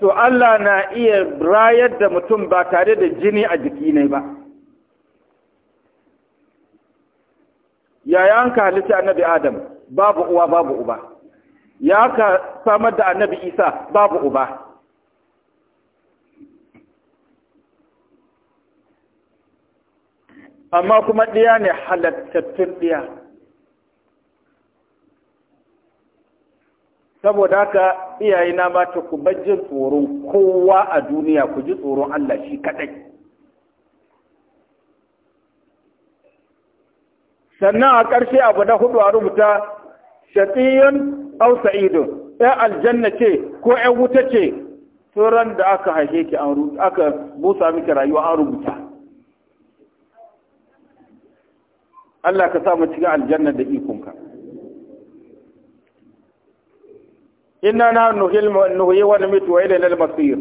[SPEAKER 1] to Allah na iya rayar da mutum ba tare da jini a jiki ne ba yaya an ka halitta annabi adam babu uwa babu uba ya ka samar da annabi isa babu uba amma kuma ɗiya ne halattattun ɗiya saboda haka iyaye na ta ku bar jin tsoron kowa a duniya ku ji tsoron Allah shi kadai sannan a ƙarshe abu na hudu a rubuta shaƙiyun aw sa'idun ɗan aljanna ce ko ɗan wuta ce turan da aka haife ki an aka busa miki rayuwa an rubuta Allah ka sa mu cikin aljanna da ikonka inna na nuhi wani mitu wa ilal masir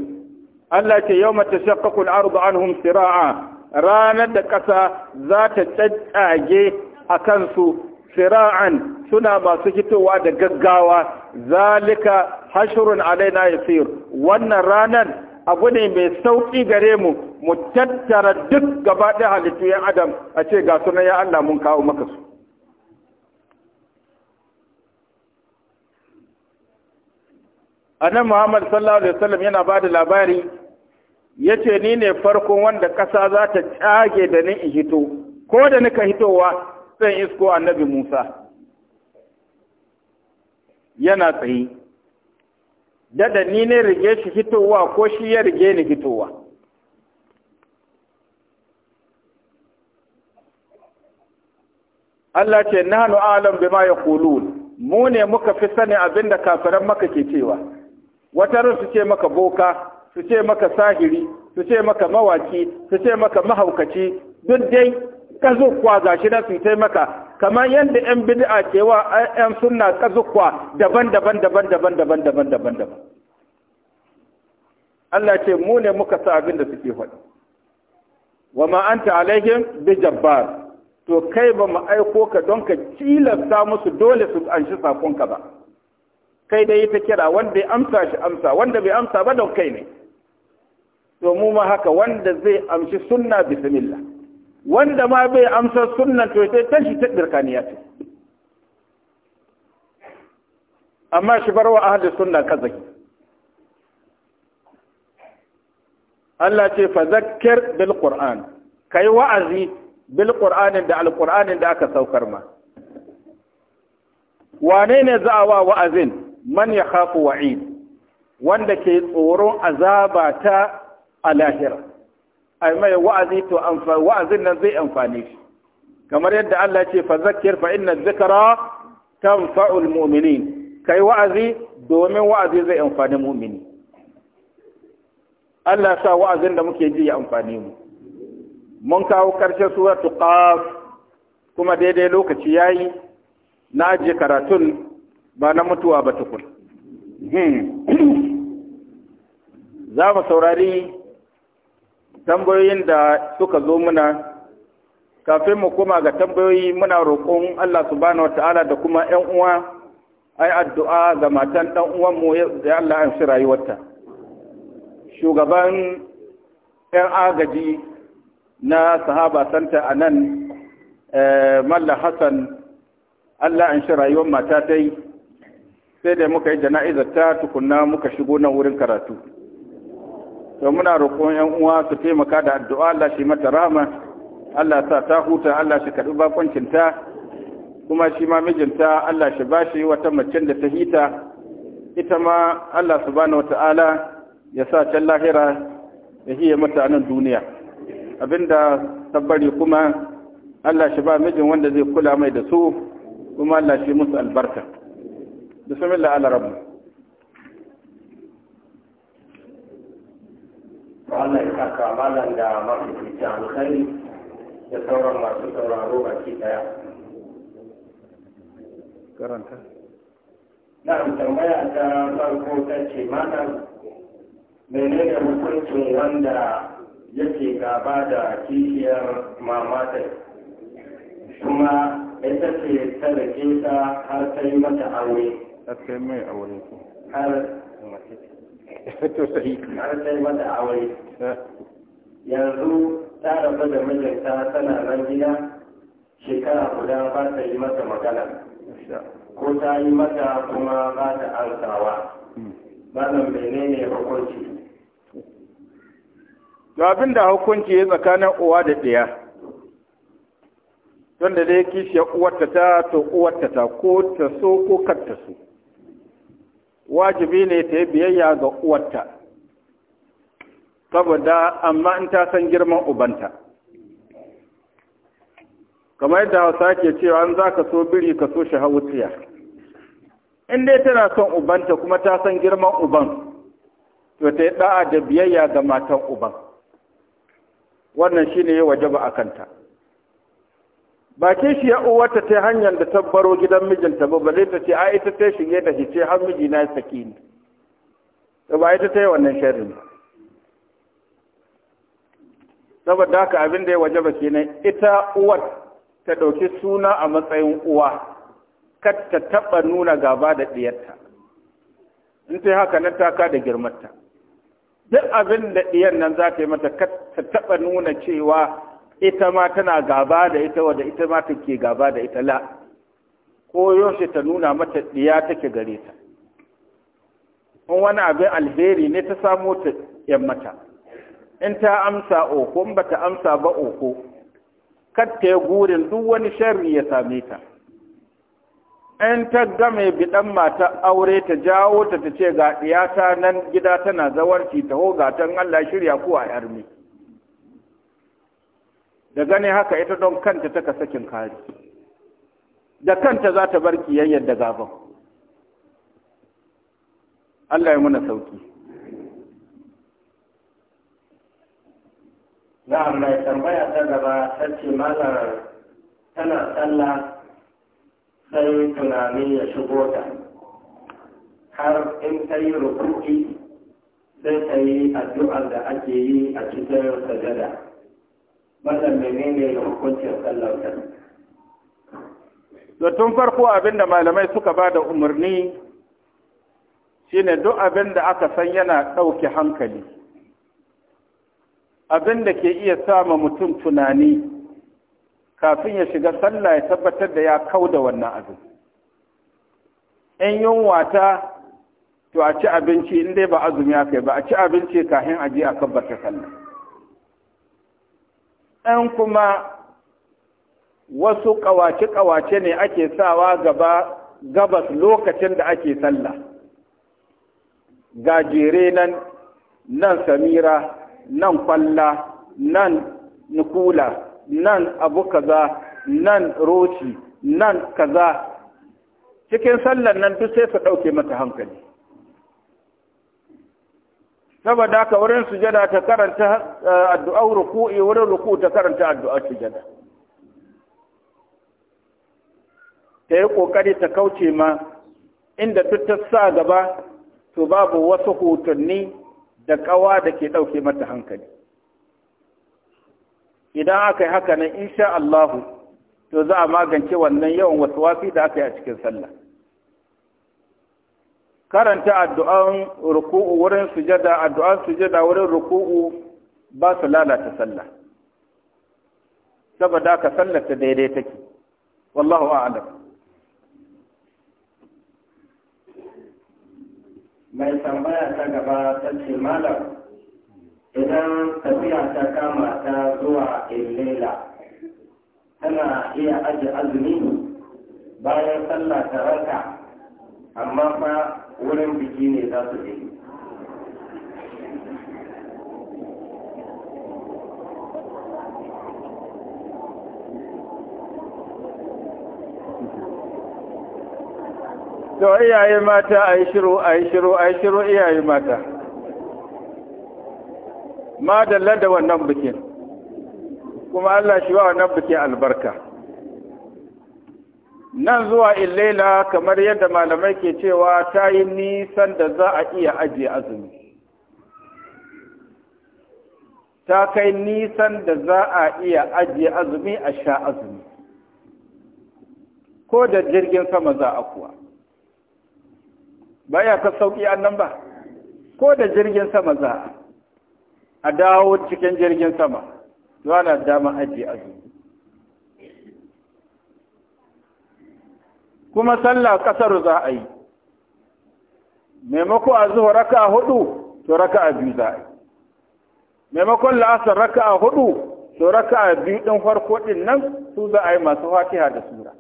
[SPEAKER 1] Allah ce yau mace shakkakul arzu anhum sira'a ranar da ƙasa za ta tsatsage a kansu sira'an suna masu hitowa da gaggawa zalika hashrun alaina yasir wannan ranar abu ne mai sauƙi gare mu mu tattara duk gaba da halittu yan adam a ce ga sunan ya Allah mun kawo maka su annabi Muhammad sallallahu alaihi wasallam yana ba da labari yace ni ne farko wanda ƙasa za ta tsage da ni in hito ko da nika hitowa zan isko annabi Musa yana tsaye dada ni ne rige shi hitowa ko shi ya rige ni hitowa Allah ce nahnu a'lam bima yaqulun mu ne muka fi sani abinda kafiran maka ke cewa wataran su ce maka boka su ce maka sahiri su ce maka mawaki su ce maka mahaukaci duk dai kazukwa ga shi na su tai maka kamar yadda yan bid'a ke wa yan sunna kazukwa daban daban daban daban daban daban daban daban Allah ce mu ne muka sa abin da suke faɗi wa ma anta alaihim bi jabbar to kai ba mu aiko ka don ka tilasta musu dole su anshi sakonka ba kai dai ta kira wanda ya amsa shi amsa wanda bai amsa ba don kai ne to mu ma haka wanda zai amshi sunna bismillah wanda ma bai amsa sunna to sai ta shi ta dirkaniya ce amma shi barwa ahli sunna kazaki Allah ce fa zakkar bil qur'an kai wa'azi bil qur'an da al qur'an da aka saukar ma wane ne za a wa wa'azin man ya khafu wa'id wanda ke tsoron azaba ta a lahira mai wa'azi to wa'azin nan zai amfane shi kamar yadda Allah ya ce fa zakkir fa inna dhikra tanfa'u almu'minin kai wa'azi domin wa'azi zai amfani mu'mini Allah sa wa'azin da muke ji ya amfane mu mun kawo karshen suratul qaf kuma daidai lokaci yayi na ajiye karatun ba na mutuwa ba tukun hmm. za mu saurari tambayoyin da suka zo muna kafin mu koma ga tambayoyi muna roƙon Allah subhanahu wata'ala da kuma 'yan uwa ai addu'a ga matan ɗan uwanmu da Allah an shi rayuwarta shugaban 'yan agaji na sahaba santa a nan eh, malla hassan Allah an shi rayuwar mata ta yi sai da muka yi jana'izar ta tukunna muka shigo nan wurin karatu to muna roƙon yan uwa su taimaka da addu'a Allah shi mata rahama Allah sa ta huta Allah shi karɓi bakoncin ta kuma shi ma mijinta Allah shi bashi wata macen da ta hita ita ma Allah subhanahu wata'ala ya sa can lahira ya hiye mata nan duniya abinda tabbari kuma Allah shi ba mijin wanda zai kula mai da su kuma Allah shi musu albarka bismillah ala rabbi Allah
[SPEAKER 3] ya saka malam da masu fita alkhairi da sauran masu sauraro baki daya karanta na'am tambaya ta farko ta ce malam menene hukuncin wanda yake gaba da kishiyar mamatai kuma ita ce ta rike ta har ta yi mata aure
[SPEAKER 1] akai mai aure ko
[SPEAKER 3] har to sai har sai mata aure yanzu ta rabu da mijinta tana nan gida shekara guda ba ta yi mata magana ko ta yi mata kuma ba ta
[SPEAKER 1] ansawa malam menene hukunci to abin da hukunci ya tsakanin uwa da ɗaya don da dai kishiyar uwarta ta to uwarta ta ko ta so ko kar ta so wajibi ne ta yi biyayya ga uwarta saboda amma in ta san girman ubanta kamar yadda hausa ke cewa an za ka so biri ka so shi in dai tana son ubanta kuma ta san girman uban to ta yi da'a da biyayya ga matan uban wannan shi shine ya ba a kanta ba ke shi ya uwarta ta hanyar da tabbaro gidan mijinta ba balle ta ce a ita ta shige da hice har miji na saki to ba ita ta yi wannan sharrin saboda haka abin da ya waje ba ke nan, ita uwar ta ɗauki suna a matsayin uwa kar ta taɓa nuna gaba da ɗiyarta in ta yi haka nan taka da girmarta duk abin da ɗiyar nan za ta yi mata kar ta taɓa nuna cewa ita ma tana gaba da ita wadda ita ma take gaba da ita la ko ta nuna mata ɗiya take gare ta in wani abin alheri ne ta samo ta mata. in ta amsa oko in bata amsa ba oko kar ta yi gurin duk wani sharri ya same ta in ta game biɗan mata aure ta jawo ta ta ce ga ɗiyata nan gida tana zawarci ta ho ga tan Allah shirya ko a yarmi. da gane haka ita don kanta ta sakin kari da kanta za ta bar kiyayyar da gaban Allah ya muna sauki na mai tambaya ta gaba ta ce malar tana
[SPEAKER 3] tsalla sai tunani ya shigo ta har in ta yi rukuki sai ta yi addu'ar da ake yi a
[SPEAKER 1] cikin sajada wannan menene hukuncin sallar da tun farko abinda malamai suka ba da umarni shine duk abin da aka san yana ɗauke hankali abin da ke iya sama mutum tunani kafin ya shiga sallah ya tabbatar da ya kau da wannan abin in yunwa ta to a ci abinci in dai ba azumi aka yi ba a ci abinci kafin a je a kabbata sallah ɗan kuma wasu ƙawace-ƙawace ne ake sawa gaba gabas lokacin da ake sallah gajere nan nan samira nan kwalla nan nukula nan abu kaza nan roci nan kaza cikin sallar nan duk sai su ɗauke mata hankali saboda haka wurin sujada ta karanta eh, addu'a ruku'i wurin ruku ta karanta addu'a sujada ta yi kokari ta kauce ma inda duk ta sa gaba to babu wasu hotunni da kawa da ke ɗauke mata hankali idan aka yi haka nan insha Allahu to za a magance wannan yawan wasu wafi da aka yi a cikin sallah karanta addu'an ruku'u wurin sujada addu'an sujada wurin ruku'u ba su lalata sallah saboda ka sallata daidai take wallahu a'lam
[SPEAKER 3] mai tambaya ta gaba ta ce malam idan tafiya ta kama ta zuwa illela tana iya aji azumi bayan sallah ta raka, amma fa wurin biki ne za su je
[SPEAKER 1] to iyaye mata a yi shiru a yi shiru a yi shiru iyaye mata ma da wannan bikin kuma Allah shi wa wannan bikin albarka nan zuwa illaila kamar yadda malamai ke cewa ta yi nisan da za a iya ajiye azumi ta kai nisan da za a iya ajiye azumi a sha azumi ko da jirgin sama za a kuwa ba ya ka sauƙi annan ba ko da jirgin sama za a dawo cikin jirgin sama zuwa na dama ajiye azumi kuma sallah kasar za a yi maimako a zuwa raka a hudu to raka a biyu za a yi maimakon la'asar raka a hudu to raka a biyu ɗin farko ɗin nan su za a yi masu fatiha da sura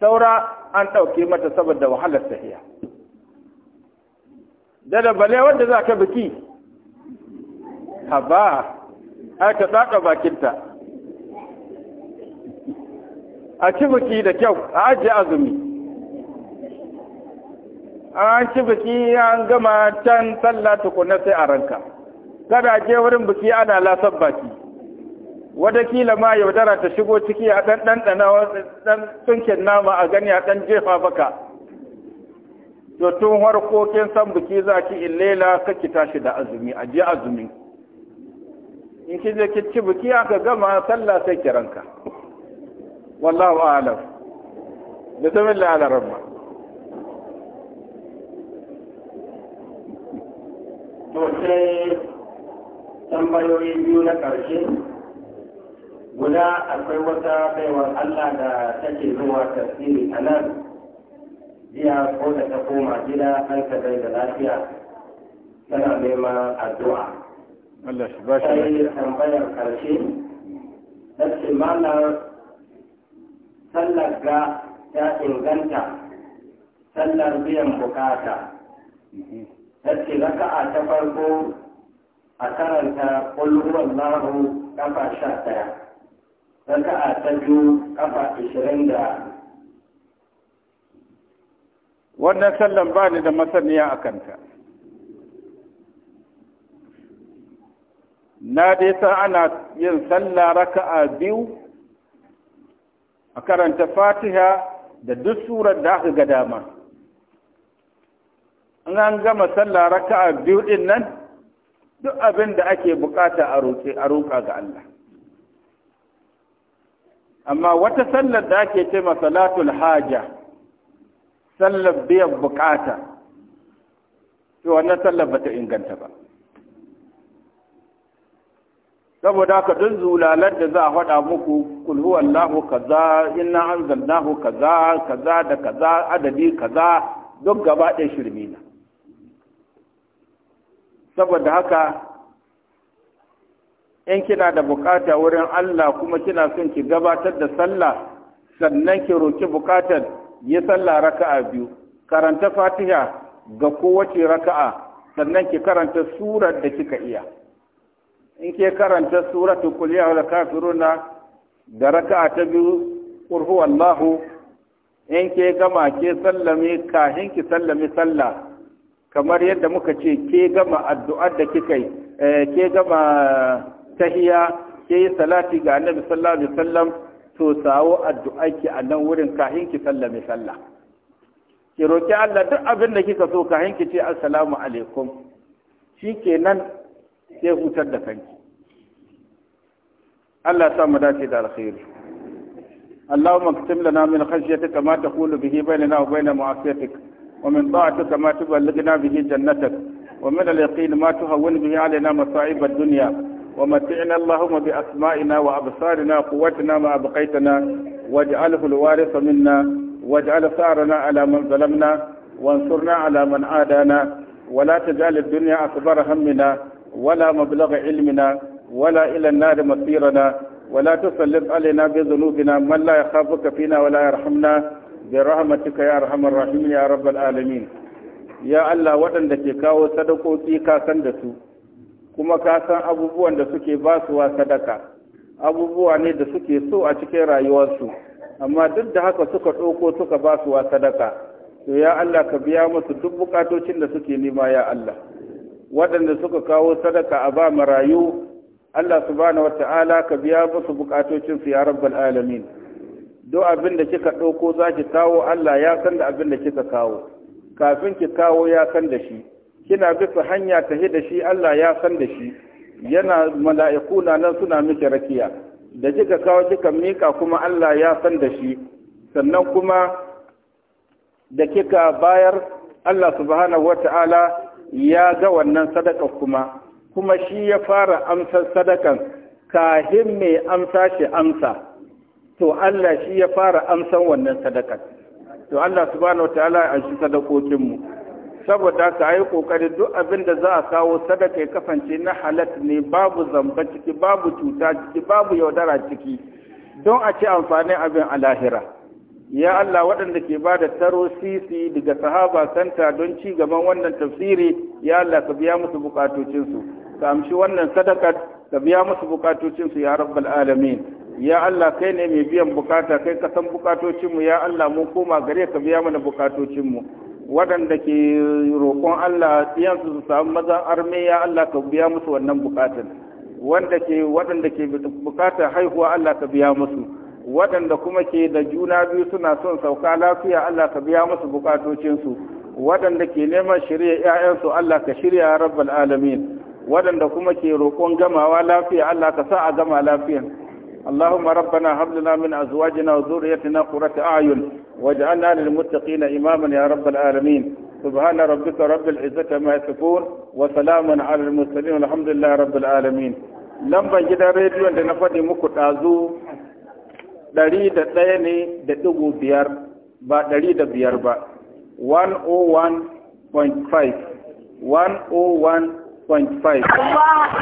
[SPEAKER 1] saura an ɗauke mata saboda wahalar tafiya da da bale wanda za ka biki haba ai ta tsaka bakinta a ci biki da kyau a ajiye azumi an ci biki an gama can sallah tukuna sai a ranka kada je wurin biki ana lasar baki kila ma yaudara ta shigo ciki a ɗan ɗanɗana ɗan tunkin nama a gani a ɗan jefa baka to tun harkokin san biki za ki illela kake tashi da azumi a je azumi in kije ki ci biki aka gama sallah sai ki ranka والله أعلم بسم الله على ربنا sosai
[SPEAKER 3] tambayoyi biyu na ƙarshe guda akwai wata baiwar Allah da take zuwa tasiri a nan jiya ko da ta koma gida an ka da lafiya tana neman addu'a Allah shi ba shi lafiya tambayar ƙarshe ta ce malar sallar ga ta inganta sallar biyan bukata tace raka'a ta farko a karanta ƙulhuwan lahu kafa sha ɗaya raka'a ta biyu
[SPEAKER 1] kafa ishirin da wannan sallan ba ni da masaniya a kanta na dai san ana yin sallah raka'a biyu a karanta fatiha da duk surar da aka ga dama in an gama sallah raka'a biyu din nan duk abin da ake bukata a roƙe a roƙa ga Allah amma wata sallar da ake ce ma salatul haja sallar biyan bukata to wannan sallar bata inganta ba saboda ka dun zulalar da za a faɗa muku kulhu huwa Allahu kaza inna anzalnahu kaza kaza da kaza adadi kaza duk gaba ɗaya shirme na saboda haka in kina da bukata wurin Allah kuma kina son ki gabatar da sallah sannan ki roki bukatar yi sallah raka'a biyu karanta fatiha ga kowace raka'a sannan ki karanta surar da kika iya in ke karanta suratu qul ya kafiruna da raka'a ta biyu qurhu wallahu in ke gama ke sallame kahin ki sallame sallah kamar yadda muka ce ke gama addu'ar da kika yi eh, ke gama tahiya ke yi salati ga annabi sallallahu alaihi wasallam to sawo ki a nan wurin kahin ki sallame sallah ki roki Allah duk abin da kika so kahin ki ce assalamu alaikum shikenan sai hutar da kanki Allah ya sa mu dace da alkhairi اللهم اكتم لنا من خشيتك ما تقول به بيننا وبين معصيتك ومن طاعتك ما تبلغنا به جنتك ومن اليقين ما تهون به علينا مصائب الدنيا ومتعنا اللهم بأسمائنا وأبصارنا قوتنا ما أبقيتنا واجعله الوارث منا واجعل ثارنا على من ظلمنا وانصرنا على من عادانا ولا تجعل الدنيا أكبر همنا ولا مبلغ علمنا ولا إلى النار مصيرنا ولا تسلط علينا بذنوبنا من لا يخافك فينا ولا يرحمنا برحمتك يا أرحم الراحمين يا رب العالمين يا الله waɗanda ke kawo sadakoki kasan san da su kuma ka san abubuwan da suke basuwa sadaka abubuwa ne da suke so a cikin rayuwarsu amma duk da haka suka ɗauko suka basuwa sadaka to ya Allah ka biya musu duk bukatocin da suke nema ya Allah waɗanda suka kawo sadaka a ba marayu Allah subhanahu wata'ala ka biya musu bukatocinsu ya rabbal alamin Do abin da kika ɗauko zaki kawo Allah ya san da abin da kika kawo kafin ki kawo ya san da shi kina bisa hanya ta da shi Allah ya san da shi yana mala'iku na nan suna miki rakiya da kika kawo kika mika kuma Allah ya san da shi sannan kuma da kika bayar Allah subhanahu wata'ala ya ga wannan sadaka kuma kuma shi ya fara amsar sadakan kahin mai amsa shi amsa to Allah shi ya fara amsan wannan sadakan to Allah subhanahu wataala ya shi sadakokin mu saboda ka yi kokari duk abin da za a kawo sadaka ya kafance na halat ne babu zamba ciki babu cuta ciki babu yaudara ciki don a ci amfanin abin alahira. lahira ya Allah waɗanda ke ba da taro sisi daga sahaba santa don ci gaban wannan tafsiri ya Allah ka biya musu bukatocinsu ka amshi wannan sadakar ka biya musu bukatocinsu ya rabbal alamin ya Allah kai ne mai biyan bukata kai ka san bukatocinmu ya Allah mun koma gare ka biya mana bukatocinmu waɗanda ke roƙon Allah ɗiyansu su samu mazan arme ya Allah ka biya musu wannan bukatan wanda ke waɗanda ke bukatar haihuwa Allah ka biya musu waɗanda kuma ke da juna biyu suna son sauka lafiya Allah ka biya musu bukatocinsu waɗanda ke neman shirya 'ya'yansu Allah ka shirya rabbal alamin waɗanda kuma ke roƙon gamawa lafiya Allah ka sa a gama lafiyan اللهم ربنا هب لنا من ازواجنا وذريتنا قرة اعين واجعلنا للمتقين اماما يا رب العالمين سبحان ربك رب العزة ما يصفون وسلام على المرسلين والحمد لله رب العالمين لما جدا راديو عندنا فدي مكو ɗari da ɗaya ne da ɗigo biyar ba ɗari da biyar ba 101.5 101.5